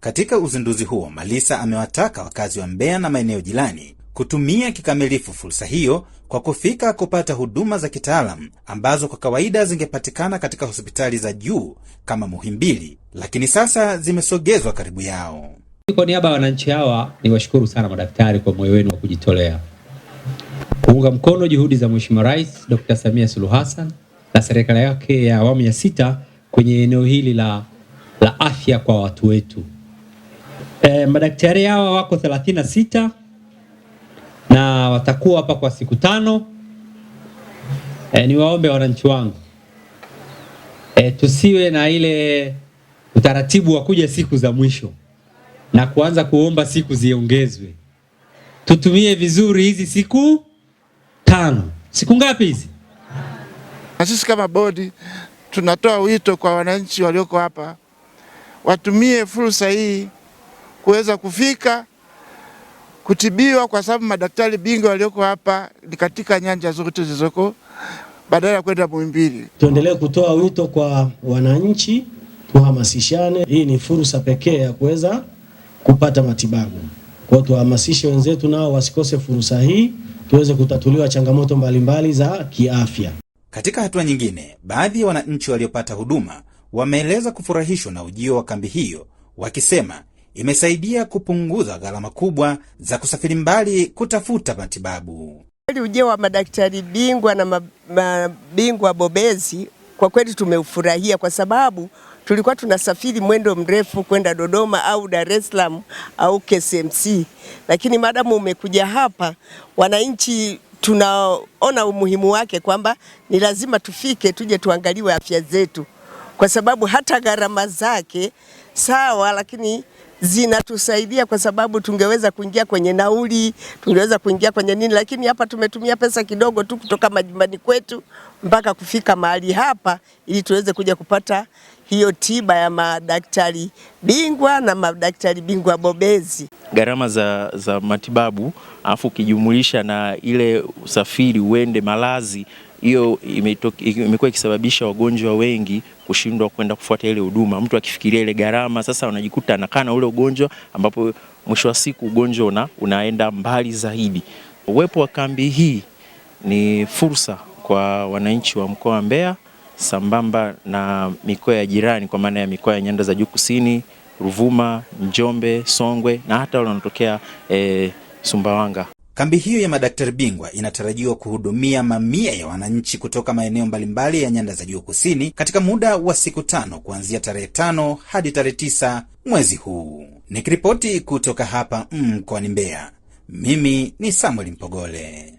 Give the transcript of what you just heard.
Katika uzinduzi huo, Malisa amewataka wakazi wa Mbeya na maeneo jirani kutumia kikamilifu fursa hiyo kwa kufika kupata huduma za kitaalamu ambazo kwa kawaida zingepatikana katika hospitali za juu kama Muhimbili, lakini sasa zimesogezwa karibu yao. Kwa niaba ya wananchi hawa, niwashukuru sana madaktari kwa moyo wenu wa kujitolea kuunga mkono juhudi za Mheshimiwa Rais Dr. Samia Suluhu Hassan na serikali yake ya awamu ya sita kwenye eneo hili la, la afya kwa watu wetu. E, madaktari hawa wako 36 na watakuwa hapa kwa siku tano. E, niwaombe wananchi wangu e, tusiwe na ile utaratibu wa kuja siku za mwisho na kuanza kuomba siku ziongezwe. Tutumie vizuri hizi siku tano. Siku ngapi hizi? Na sisi kama bodi tunatoa wito kwa wananchi walioko hapa watumie fursa hii kuweza kufika kutibiwa, kwa sababu madaktari bingwa walioko hapa ni katika nyanja zote zilizoko, badala ya kwenda Muhimbili. Tuendelee kutoa wito kwa wananchi, tuhamasishane. Hii ni fursa pekee ya kuweza kupata matibabu. Kwa tuwahamasishe wenzetu nao wasikose fursa hii, tuweze kutatuliwa changamoto mbalimbali za kiafya. Katika hatua nyingine, baadhi ya wananchi waliopata huduma wameeleza kufurahishwa na ujio wa kambi hiyo wakisema imesaidia kupunguza gharama kubwa za kusafiri mbali kutafuta matibabu. Kweli ujio wa madaktari bingwa na mabingwa bobezi kwa kweli tumeufurahia, kwa sababu tulikuwa tunasafiri mwendo mrefu kwenda Dodoma au Dar es Salaam au KCMC, lakini madamu umekuja hapa, wananchi tunaona umuhimu wake kwamba ni lazima tufike tuje tuangaliwe afya zetu, kwa sababu hata gharama zake sawa, lakini zinatusaidia kwa sababu tungeweza kuingia kwenye nauli, tungeweza kuingia kwenye nini, lakini hapa tumetumia pesa kidogo tu kutoka majumbani kwetu mpaka kufika mahali hapa ili tuweze kuja kupata hiyo tiba ya madaktari bingwa na madaktari bingwa bobezi gharama za, za matibabu alafu ukijumulisha na ile usafiri uende malazi, hiyo imekuwa ikisababisha wagonjwa wengi kushindwa kwenda kufuata ile huduma. Mtu akifikiria ile gharama, sasa anajikuta anakaa na ule ugonjwa, ambapo mwisho wa siku ugonjwa una, unaenda mbali zaidi. Uwepo wa kambi hii ni fursa kwa wananchi wa mkoa wa Mbeya sambamba na mikoa ya jirani kwa maana ya mikoa ya Nyanda za Juu Kusini Ruvuma, Njombe, Songwe na hata wale wanatokea e, eh, Sumbawanga. Kambi hiyo ya madaktari bingwa inatarajiwa kuhudumia mamia ya wananchi kutoka maeneo mbalimbali ya nyanda za juu kusini katika muda wa siku tano kuanzia tarehe tano hadi tarehe tisa mwezi huu. Nikiripoti kutoka hapa mkoani mm, Mbeya, mimi ni Samuel Mpogole.